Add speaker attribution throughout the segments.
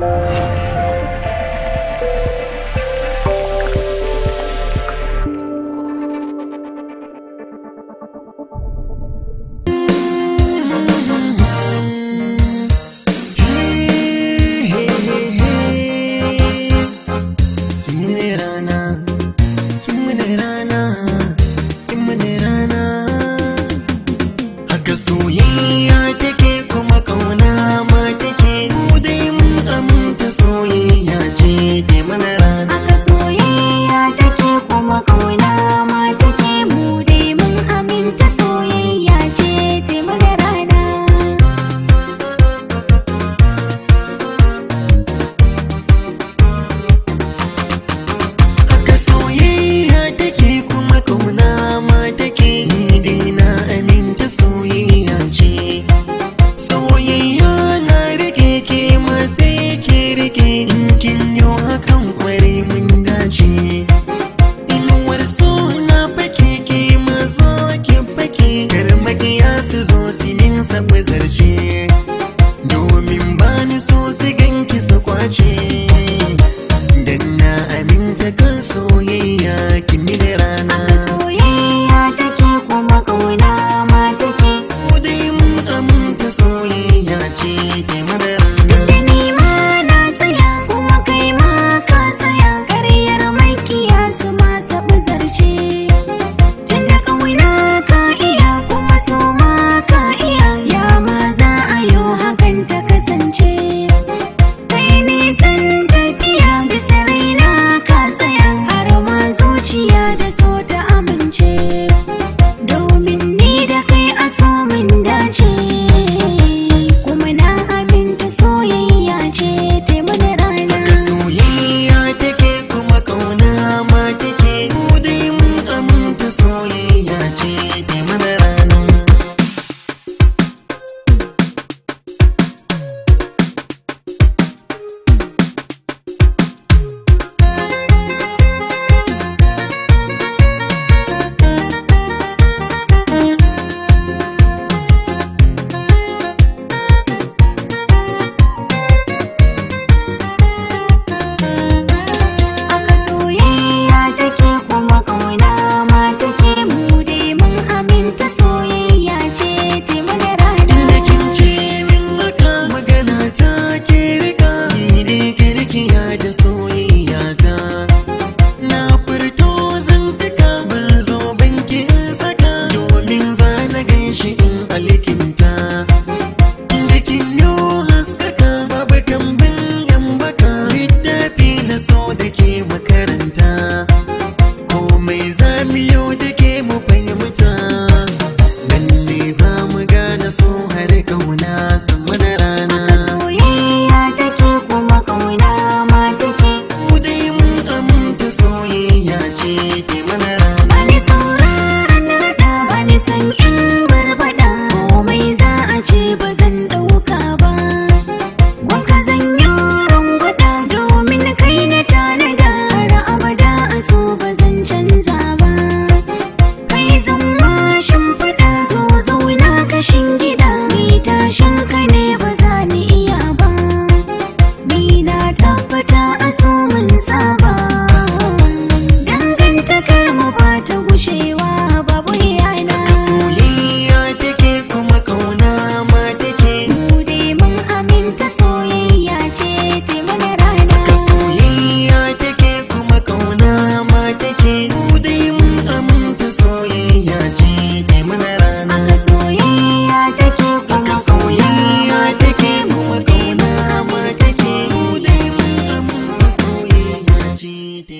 Speaker 1: Música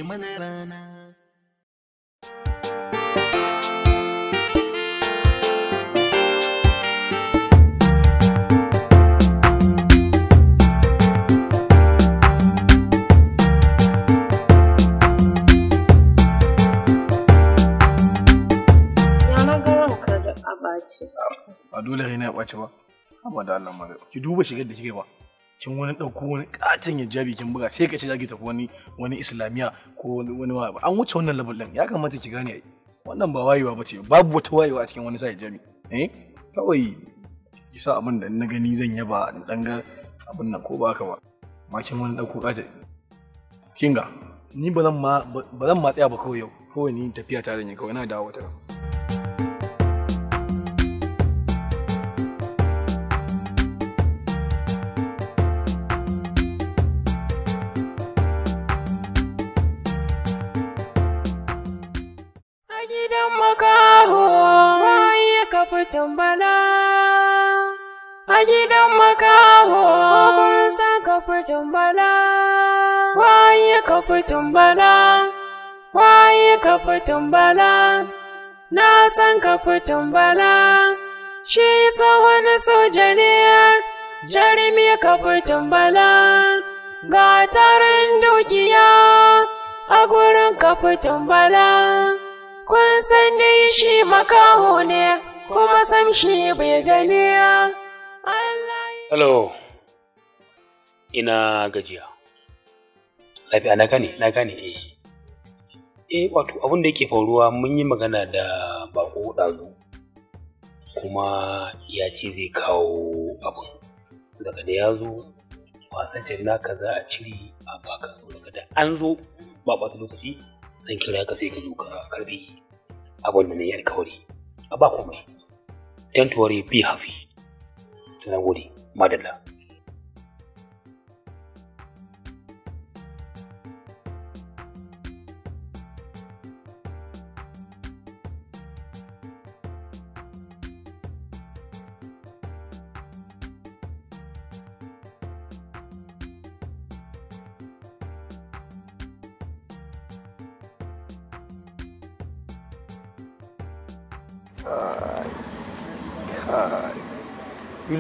Speaker 1: mana rana a
Speaker 2: Ba dole rai na ya ɓaci ba. Haba da Allah mara. Ki duba shigar da kike ba. kin wani ɗauko wani katin hijabi kin buga sai ka ce zaki tafi wani wani islamiya ko wani wa an wuce wannan level din ya kamata ki gane wannan ba wayewa ba ce babu wata wayewa a cikin wani sa hijabi eh kawai ki sa abin da na gani zan yaba dan ga abin nan ko ba ka ba ma kin wani ɗauko katin kinga ni ba zan ma ba zan ma tsaya ba kawai yau kawai ni tafiya ta zan yi kawai na dawo ta.
Speaker 3: makaho waye ka fitan bala a gidan makaho kun san ka fitan bala waye ka fitan bala waye ka fitan bala na san ka fitan bala shi tsohon soja ne jarumi ka fitan bala ga tarin dukiya a gurin ka fitan bala kun san dai shi makaho ne kuma san shi bai gani
Speaker 4: Hello, ina gajiya. Lafiya na gane, na gane eh. Eh wato abin da yake faruwa mun yi magana da bako ɗazu kuma ya ce zai kawo abin. Daga da ya zo wasan na kaza a cire a baka so daga da an zo ba ɓata lokaci zan kira ka sai ka zo ka karbi abin da na yi alkawari a ba komai don tuwari bi hafi tunan gode madalla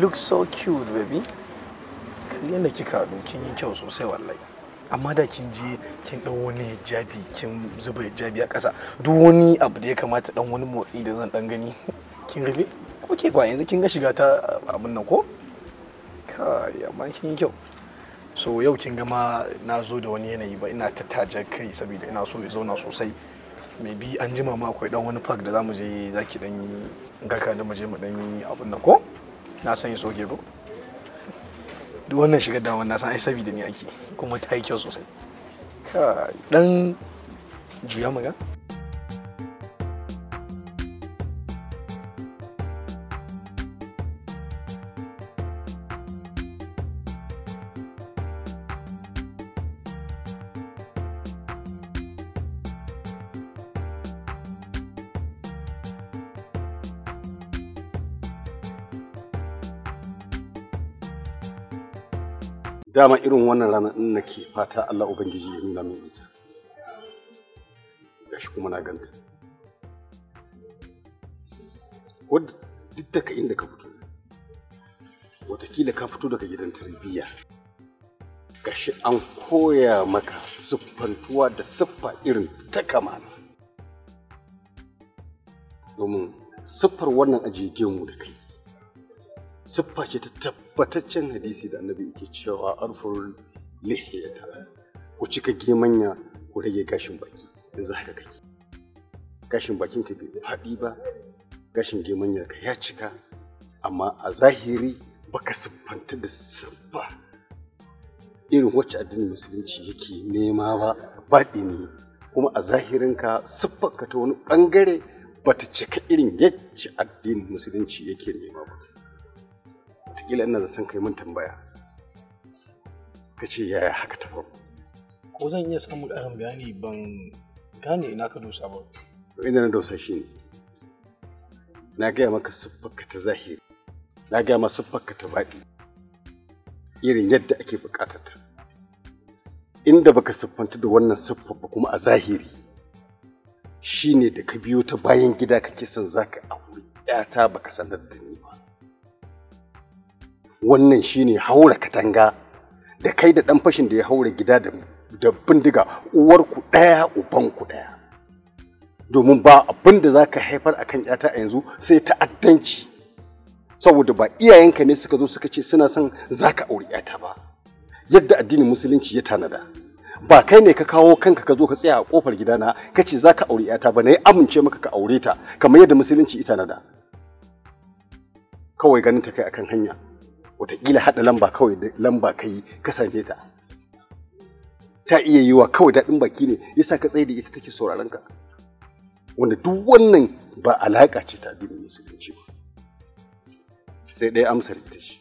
Speaker 2: look so cute baby kallon da kika haɗu kin yi kyau sosai wallahi amma da kin je kin ɗan wani jabi kin zuba jabi a ƙasa duk wani abu da ya kamata dan wani motsi da zan dan gani kin rufe ko ke yanzu kin ga shiga ta abin nan ko kai amma kin yi kyau so yau kin ga na zo da wani yanayi ba ina ta tajar kai saboda ina so ya zauna sosai bi an jima ma akwai ɗan wani park da mu je zaki ɗan yi gaka da mu je mu ɗan yi abin nan ko na san yin soke ko duk wannan shigar damar na san ai saboda ni ake kuma ta yi kyau sosai ka dan juya maga
Speaker 5: dama irin wannan ranar in nake fata Allah Ubangiji ya nuna min ita gashi kuma na ganta wadda duk daga inda ka fito watakila ka fito daga gidan tarbiyya gashi an koya maka siffantuwa da siffa irin ta kamana domin siffar wannan ajiye gemu da kai siffa ce ta tabbata tabbataccen hadisi da annabi yake cewa arfurul lihiyata ku cika gemanya ku rage gashin baki za ka kake gashin bakin ka bai haɗi ba gashin gemanyar ka ya cika amma a zahiri baka siffanta da siffa irin wacce addinin musulunci yake nema ba baɗi ne kuma a zahirinka siffanka ta wani ɓangare bata cika irin yacce addinin musulunci yake nema ba watakila ina san kai mun tambaya ka ce yaya haka ta faru
Speaker 2: ko zan iya samun ƙarin bayani ban gane
Speaker 5: ina ka dosa ba to ina na dosa shi ne na gaya maka siffarka ta zahiri na gaya maka siffarka ta baɗi irin yadda ake buƙatar ta inda baka siffanta da wannan siffar ba kuma a zahiri shine da ka biyo ta bayan gida kake son zaka aure ta baka sanar da ni wannan shine haura katanga da kai da ɗan fashin da ya haura gida da bindiga uwarku ɗaya ubanku ɗaya domin ba abin da za ka haifar a kan ‘yata a yanzu sai ta'addanci saboda ba iyayenka ne suka zo suka ce suna son za ka auri ‘yata ba yadda addinin musulunci ya tanada ba kai ne ka kawo kanka ka zo ka tsaya a kofar gidana ka ce za ka auri ‘yata ba na yi amince maka ka aure ta kamar yadda musulunci ya tanada kawai ganin ta kai akan hanya wataƙila haɗa lamba kawai da lamba ka yi ka same ta ta iya yiwa kawai daɗin baki ne yasa ka tsaye da ita take sauraron ka wanda duk wannan ba alaƙa ce ta addinin musulunci ba sai ɗaya amsar ita ce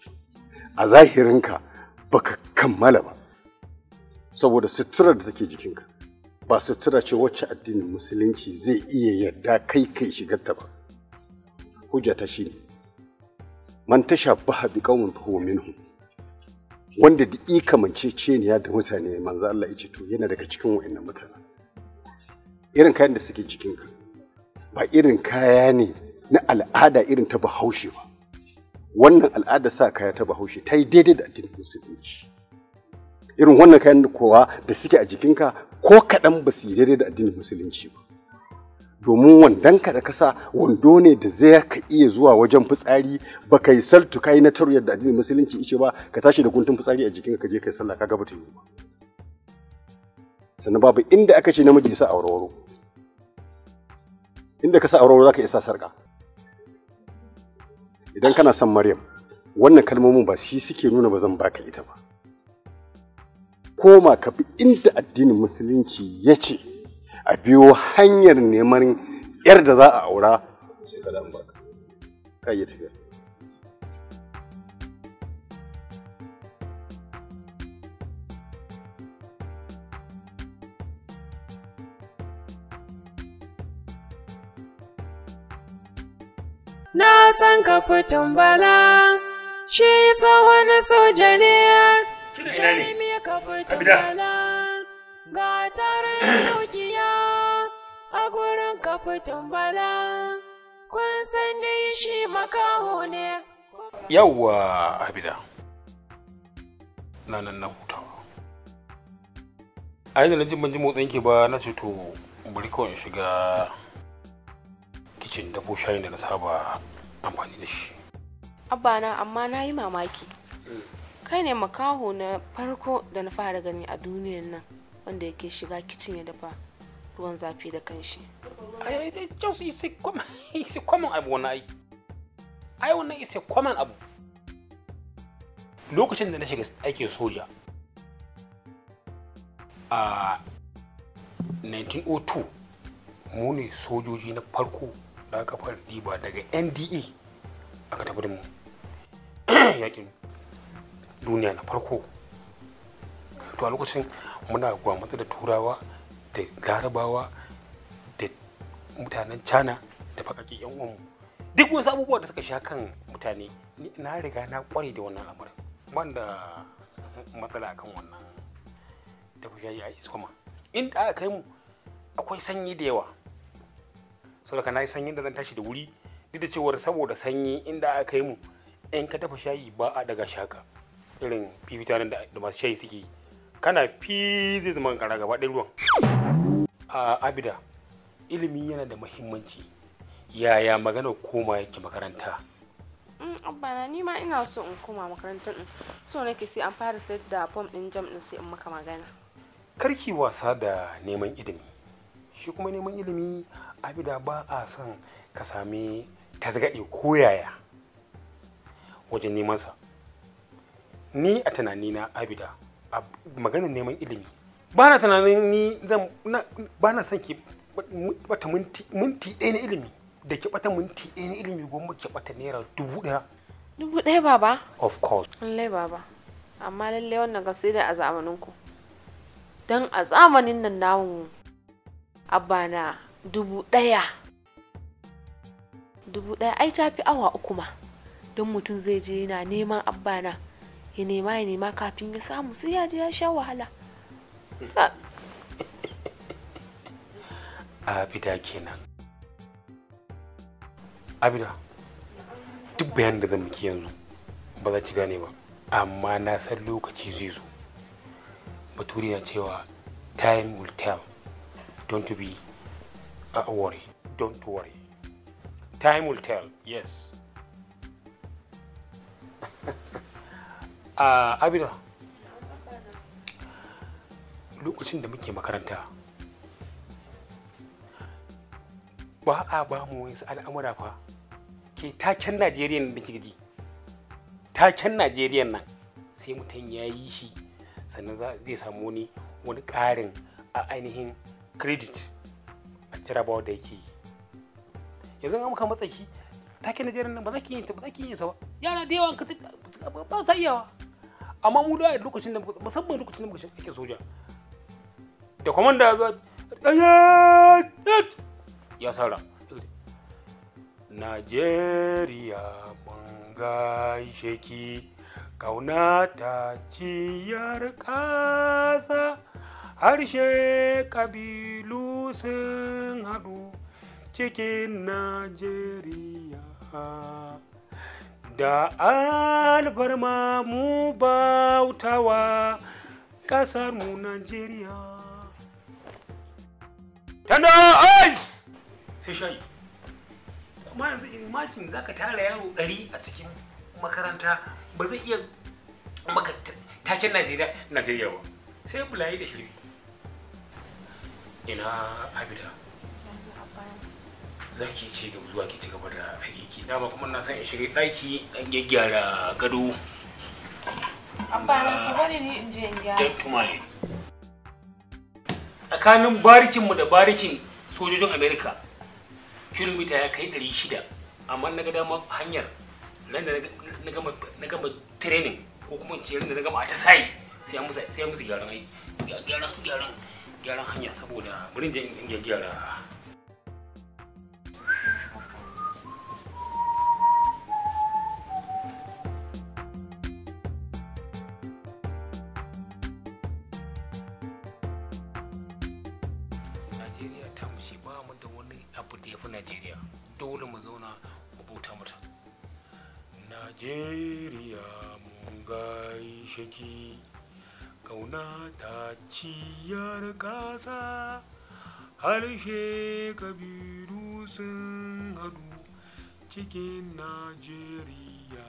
Speaker 5: a zahirinka ba ka kammala ba saboda suturar da take jikinka ba sutura ce wacce addinin musulunci zai iya yarda kai kai shigar ta ba hujja ta shi ne. man tashabbaha bi qaumin fa huwa minhum wanda da ika ikamanceceniya da mutane manzo Allah yace to yana daga cikin wayannan mutane. irin kayan da suke cikin ka ba irin kaya ne na al'ada irin ta bahaushe ba wannan al'ada sa kaya ta bahaushe ta yi daidai da addinin musulunci irin wannan kayan da kowa da suke a jikinka ko kaɗan ba su yi daidai da addinin musulunci ba domin wandonka da kasa wando ne da zai ka iya zuwa wajen fitsari ba kai saltu kai na taruyar da addinin musulunci ice ba ka tashi da guntun fitsari a jikinka ka je kai sallah ka ga bata yi ba sannan babu inda aka ce namiji ya sa inda ka sa aurewaro zaka iya sa sarka idan kana son maryam wannan kalmomin ba shi suke nuna ba zan baka ita ba koma ka bi inda addinin musulunci ya ce a biyo hanyar neman yar da za a aura sai ka
Speaker 3: Na san ka fitin bala, shi tsohon soja ne, jarimi ka fitin bala, ga tarin dauki ka fitin bala kun san ne shi makaho ne
Speaker 4: yawwa abida na nan na hutawa a yadda na ji ban ji motsin ki ba na ce to bari kawai in shiga kicin dafo shayin da na saba amfani da shi
Speaker 3: abba na amma na yi mamaki kai ne makaho na farko da na fara gani a duniyan nan wanda yake shiga kicin ya dafa ruwan zafi da kanshi
Speaker 4: ai just is a common is a common abu na ai ai wannan is kwaman abu lokacin da na shiga aikin soja a 1902 mu ne sojoji na farko da aka fara diba daga nda aka tafi da mu yakin duniya na farko to a lokacin muna gwamnati da turawa da larabawa da mutanen china da fakaki yan uwanmu duk wasu abubuwa da suka sha kan mutane na riga na kware da wannan lamarin ban da matsala akan wannan da ku shayi a iskoma in da aka kai mu akwai sanyi da yawa saboda na yi sanyin da zan tashi da wuri duk da cewar saboda sanyi inda aka kai mu in ka dafa shayi ba a daga shaka irin fifita da masu shayi suke yi kana fi zai zama kara gaba ɗin ruwan a abida ilimi yana da mahimmanci yaya magana koma yake makaranta
Speaker 3: mm, abba na ni ma ina so in koma makarantar in so nake sai an fara sayar da fom din jam
Speaker 4: din sai in maka magana karki wasa da neman ilimi shi kuma neman ilimi abida ba a son ka sami tasgaɗe ko yaya wajen sa ni a tunanina abida a maganar neman ilimi ba na tunanin ni zan ba na son ki bata minti ɗaya na ilimi da ki bata minti ɗaya na ilimi goma ki bata naira dubu ɗaya
Speaker 3: dubu ɗaya baba of course lallai baba amma lallai wannan da a zamanin ku. don a zamanin nan namun abba na dubu ɗaya dubu ɗaya ai ta fi awa uku ma don mutum zai je yana neman abba na ya nema ya nema kafin ya samu sai ya je ya sha wahala
Speaker 4: abida kenan abida duk bayan da zan miki yanzu ba za ki gane ba amma na san lokaci zai zo baturi na cewa time will tell don't be a uh, worry don't worry time will tell yes a abira lokacin da muke makaranta ba a ba mu wasu al'amura fa ke taken najeriya da gidi taken najeriya nan sai mutum ya yi shi sannan zai samu ni wani ƙarin a ainihin credit a jarabawa da yake yanzu an muka matsayi taken najeriya nan ba za ki yi ta ba za ki yi sa ba yana da yawa ba sa iyawa amma mu da lokacin da musamman lokacin da muka ake soja da komanda ya zo ya sara Najeriya mun gaishe ki kauna ta ciyar kasa harshe kabilu sun haɗu cikin Najeriya. da alfarma mu bautawa kasar mu Najeriya. Tana ice! Sai shayi. Amma yanzu imagine za ka tara yaro ɗari a cikin makaranta ba zai iya maka taken Najeriya Najeriya ba. Sai bulayi da shirbi. Ina Abida. za ki ci zuwa ki ci gaba da hakiki dama kuma na san in shiga ɗaki ɗan gyaggyara gado
Speaker 3: amma na ki bari ni in je in
Speaker 4: tsakanin barikinmu da barikin sojojin amerika kilomita ya kai 600 amma na ga dama hanyar nan da na gama training ko kuma ce da na gama a ta sai sai musu gyaran gyaran gyaran hanya saboda burin jin in gyara mataciyar ƙasa harshe kabiru sun hadu cikin najeriya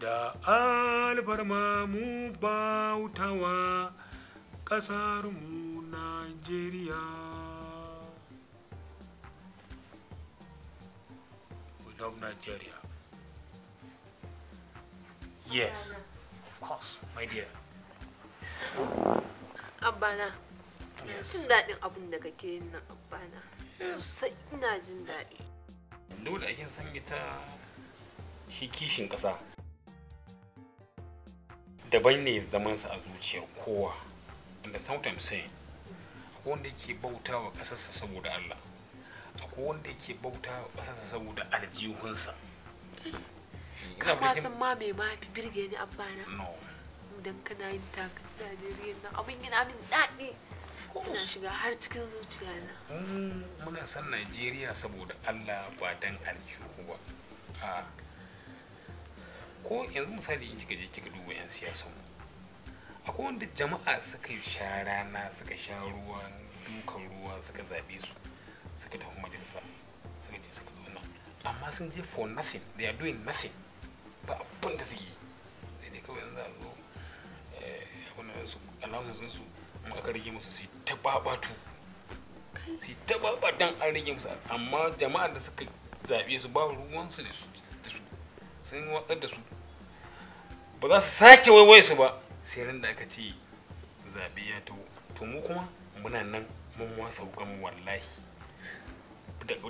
Speaker 4: da alfarma mu bautawa ƙasarmu najeriya love nigeria yes of course my dear Abana, jin
Speaker 3: daɗin abin da kake yin nan abana. Sosai ina jin daɗi.
Speaker 4: Lula ake san ita shi kishin ƙasa. Daban ne zamansa a zuciyar kowa. And sometimes saying, akwai wanda yake bauta wa ƙasarsa saboda Allah. Akwai wanda yake bauta wa ƙasarsa saboda aljihunsa. Kama san
Speaker 3: ma mai mafi fi birge ni abana. No. Dan kana yin taka.
Speaker 4: Muna san Najeriya saboda Allah ba dan aljihu ba. ko yanzu misali in kika je kika duba 'yan siyasa mu. Akwai wanda jama'a suka sha rana suka sha ruwa dukan ruwa suka zabe su suka tafi majalisa suka je suka zo nan amma sun je for nothing they are doing nothing ba abin da suke yi sai dai kawai yanzu a zo su allowances su in aka rage musu su ta babatu su ta babatan an rage musu amma jama'ar da suka zabe su ba ruwan su da su sun watsar da su ba za su sake waiwaye su ba sai ran da aka ce zaɓe ya to to mu kuma muna nan mun wasa hukan wallahi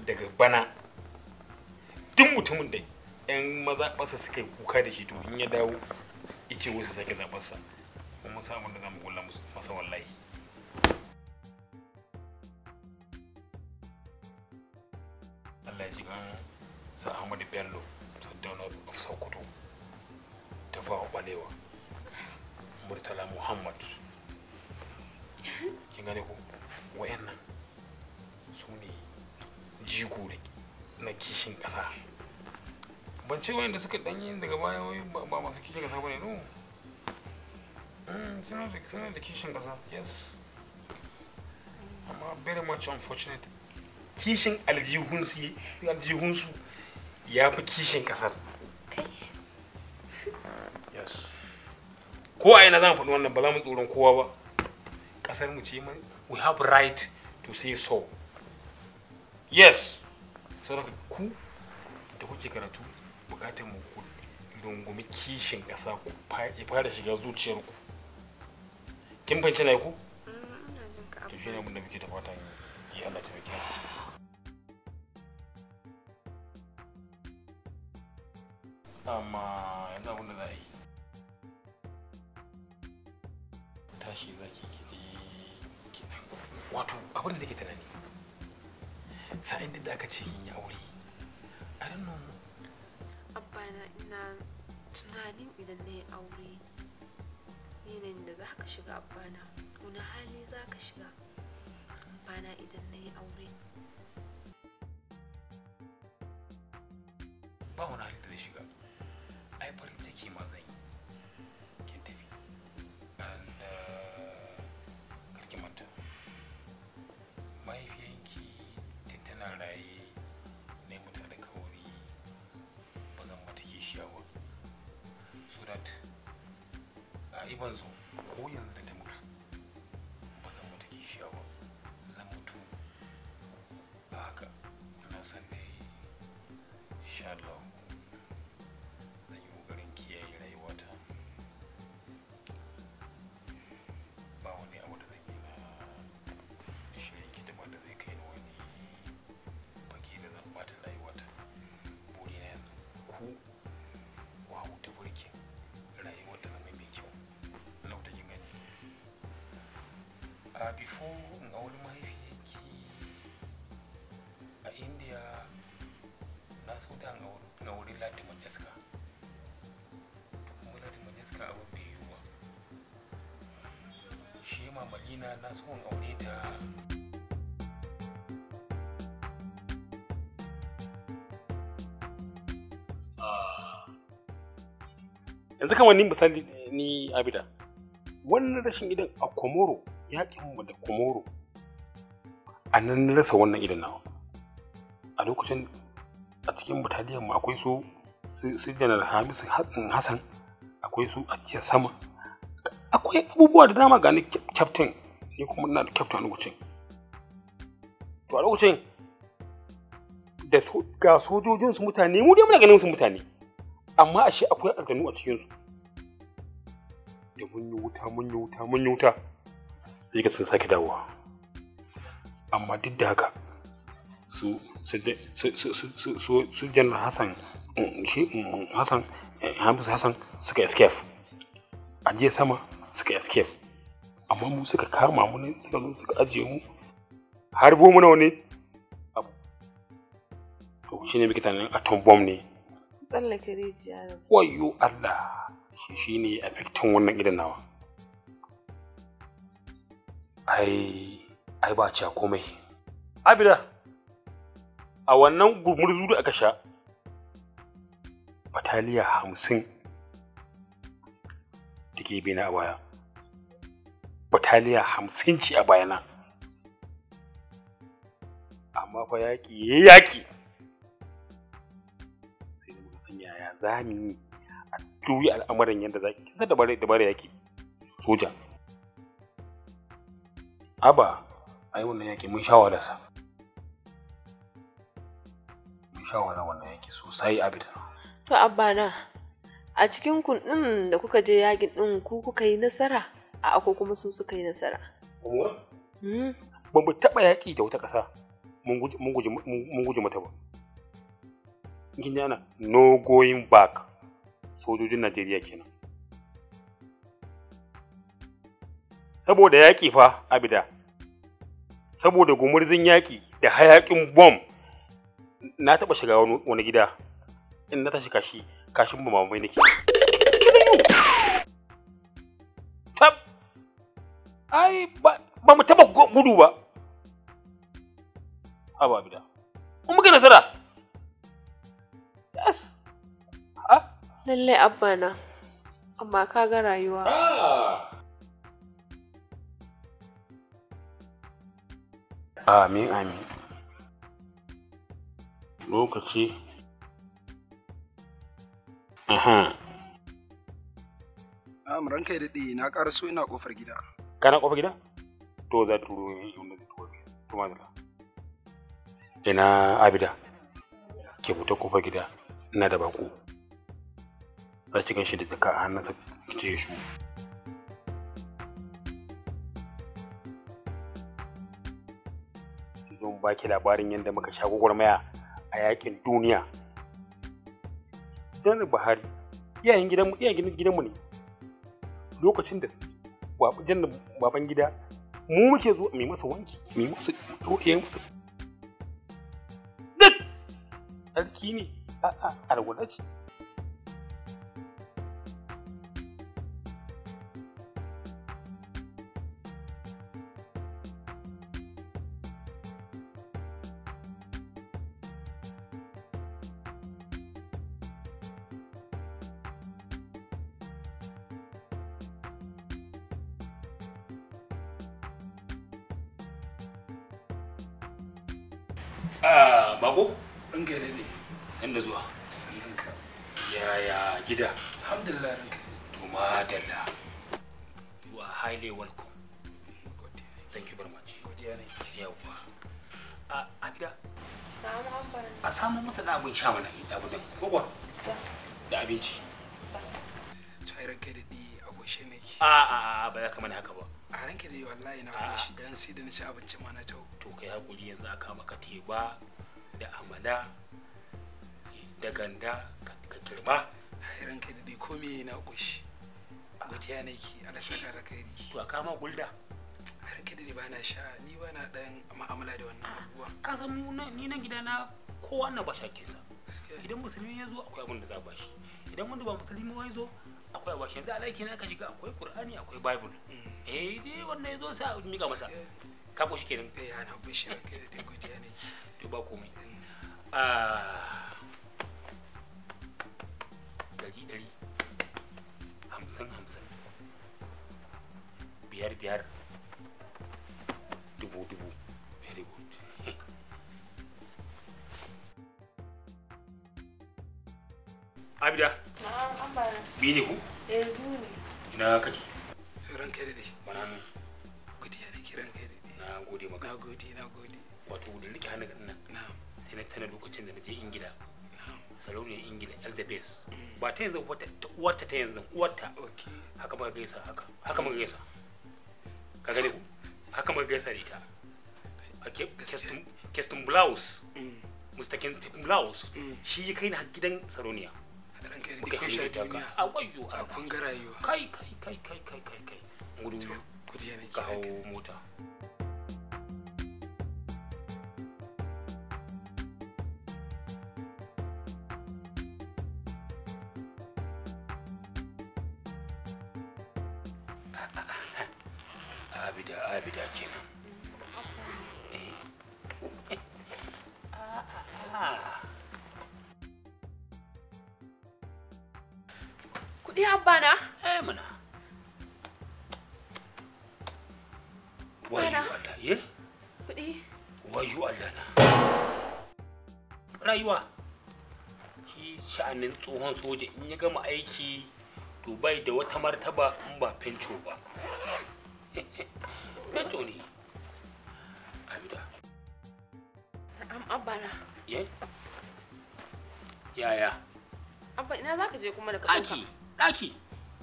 Speaker 4: daga bana duk mutumin da 'yan mazaɓarsa suka yi kuka da shi to in ya dawo ice wasu sake zaɓarsa kuma samun da zamu gula masa wallahi Allah ya ji kan sa Ahmadu Bello Sardauna of Sokoto Tafawa Balewa Murtala Muhammad kin gane ko wayannan su ne jigo na kishin ƙasar. ban ce wayanda suka danyi daga baya ba masu kishin ba ne no Mm, it's, it's kishin yes. very much unfortunate. aljihunsu, aljihunsu ya fi kishin ƙasar. Eh? Yes. Ko a ina za mu faɗi wannan ba za mu tsoron kowa ba. Ƙasar mu ce mai, we have right to say so. Yes. Saboda ku da kuke karatu bukatar mu ku kishin ƙasa ku fara shiga zuciyarku kin fahimci na ku mm, to shine mun da muke ta fata yi Allah ta baki amma yanzu abin da za a yi tashi zaki ki je wato abin da nake tunani sa'in da aka ce kin yi aure I don't know
Speaker 3: abba na tunanin idan na yi aure yanayin da za ka shiga bana wani hali za ka shiga bana idan na yi aure
Speaker 4: ba wani hali was a uh, before in auri mahaifiyarki a india na so da na wuri lati majaska kuma lati majaska abu bai ba. shi mamalina na so in aure ta yanzu kamar ni misali ni abida wannan rashin idan a komoro yaƙin mu da komoro a nan na rasa wannan irin nawa a lokacin a cikin bataliyar mu akwai su su janar hamisu hassan akwai su a cikin sama akwai abubuwa da dama gani kyaftin ni kuma ina da kyaftin a lokacin to a lokacin da ga sojojinsu mutane mu dai muna ganin su mutane amma a shi akwai aljanu a cikinsu da mun yi wuta mun yi wuta mun yi wuta sai ka sun sake dawowa amma duk da haka su su janar hassan mm, shi mm, hassan eh, hamis hassan suka escape a jiya sama suka escape amma mu suka kama mu ne suka zo suka ajiye mu har bomu nawa ne to shi ne bikitan atom bomb ne
Speaker 3: tsallake rijiya
Speaker 4: wayo allah shi ne a fitan wannan idan nawa ai ai ba ca komai abida a wannan gurmurzu da aka sha bataliya hamsin da ke bina a baya bataliya hamsin ci a bayana amma fa yaki ya yaƙi sai da san yaya za mu yi a juyi al'amarin yadda za ki kisa da bare yaƙi soja Aba, ayi wannan yake mun sha dasa. Mun sha walar wannan yake sosai abida.
Speaker 3: To abba na, a cikin kun din da kuka je yakin ɗin ku kuka yi nasara, a ako kuma su suka yi nasara.
Speaker 4: Kuma? Hmm? Ba mu taɓa yaƙi da wata ƙasa mun guji mata ba. Kin ana no going back sojojin Najeriya kenan. saboda yaƙi fa abida saboda gumurzin yaƙi da hayaƙin bom na taɓa shiga wani gida in na tashi kashi kashin ba mamai nake tab ai ba mu taɓa gudu ba haba abida kuma muka nasara yes
Speaker 3: lallai abba na amma ka ga rayuwa ah!
Speaker 4: Amin, amin. Lokaci. Aha.
Speaker 5: Am ranka ya na ƙara so ina ƙofar gida.
Speaker 4: Kana ƙofar gida? To za turo ne wanda zai turo to mazala. Ina Abida. Ke fita ƙofar gida ina da baƙo. Za ki gan shi da jaka a hannunsa ki ce shi. baki labarin yadda muka sha gwagwarmaya a yakin duniya janar buhari iyayen gidanmu iyayen gidanmu ne lokacin da janar baban gida mu muke zuwa mai masa wanki mai masa roƙe masa duk sarki ne a'a alwala ce Ah, bako in ne san zuwa sanninka yaya gida
Speaker 5: alhamdulillah ranka
Speaker 4: to madalla you are highly welcome thank you very much godiya ne yawa a a gida a samu masa da abin sha mana abu da kogwa da abinci tsayarar kai da ni a goshe ne a a ba za haka ba a ranke da yi wallahi na kuma shi dan sai da na ci abinci ma na tau to kai hakuri yanzu aka maka teba da amala da ganda ka kirma a ranke da dai komai na kushi godiya nake ala saka da kai to aka ma gulda a ranke da ba na sha ni ba na dan ma'amala da wannan abubuwa ka san mu ni nan gida na kowa na ba shakinsa idan musulmi ya zo akwai abin da za ba shi idan wanda ba musulmi ya zo akwai awashi yanzu alaiki na ka shiga akwai qur'ani akwai bible mm. eh dai wannan yazo sa mika masa ka ko shi kenan eh ana bishi kai da godiya ne to ba komai mm. ah biyu ku? eh biyu ina kake tsoron kai dai bananu gudi ya nake ran kai dai na gode maka na gode na gode wato da nake hannun nan na'am sai na tana lokacin da na je ingila sarauniyar ingila elizabeth mm. ba ta yanzu wata uwarta ta yanzu uwarta haka muka gaisa haka haka muka gaisa ka gani ku haka muka gaisa da ita a kestin blouse mr mm. kestin blouse mm. shi kai na gidan sarauniya aka sha duniya a wayo a kun ga rayuwa kai kai kai kai kai kai kai gudu kudi ne ka hawo mota abida abida kenan ah, ah, ah. kuɗi abbana? Eh muna. Wayu Allah, ye? Kuɗi. Wayu Allah na. Rayuwa. Shi sha'anin tsohon soja in ya gama aiki Dubai bai da wata martaba in ba fenco ba. Fenco ne. Abida. Am abbana. Ye? Yaya?
Speaker 3: Abba ina za ka je kuma da ka
Speaker 4: Aki. ɗaki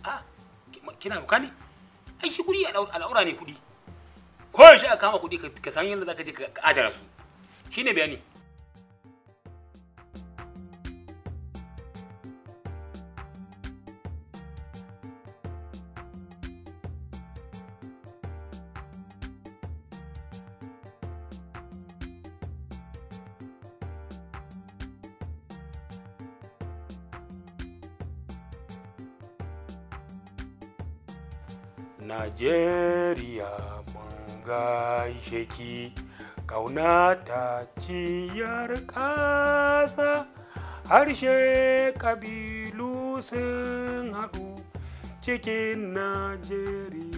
Speaker 4: a ah, kina hauka ne ai shi kuɗi al'aura ne kudi, ko yaushe a kama kudi ka san yadda za ka je ka adana su shine bayani Najeriya mun gaishe ki ƙauna ta ciyar ƙasa harshe ƙabilu sun haɗu cikin Najeriya.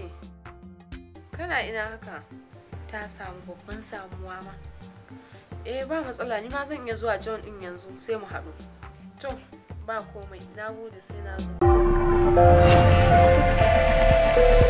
Speaker 3: ce kana ina haka ta samu babban samuwa ma eh ba matsala ni ma zan iya zuwa john din yanzu sai mu haɗu to ba komai na gode sai na zo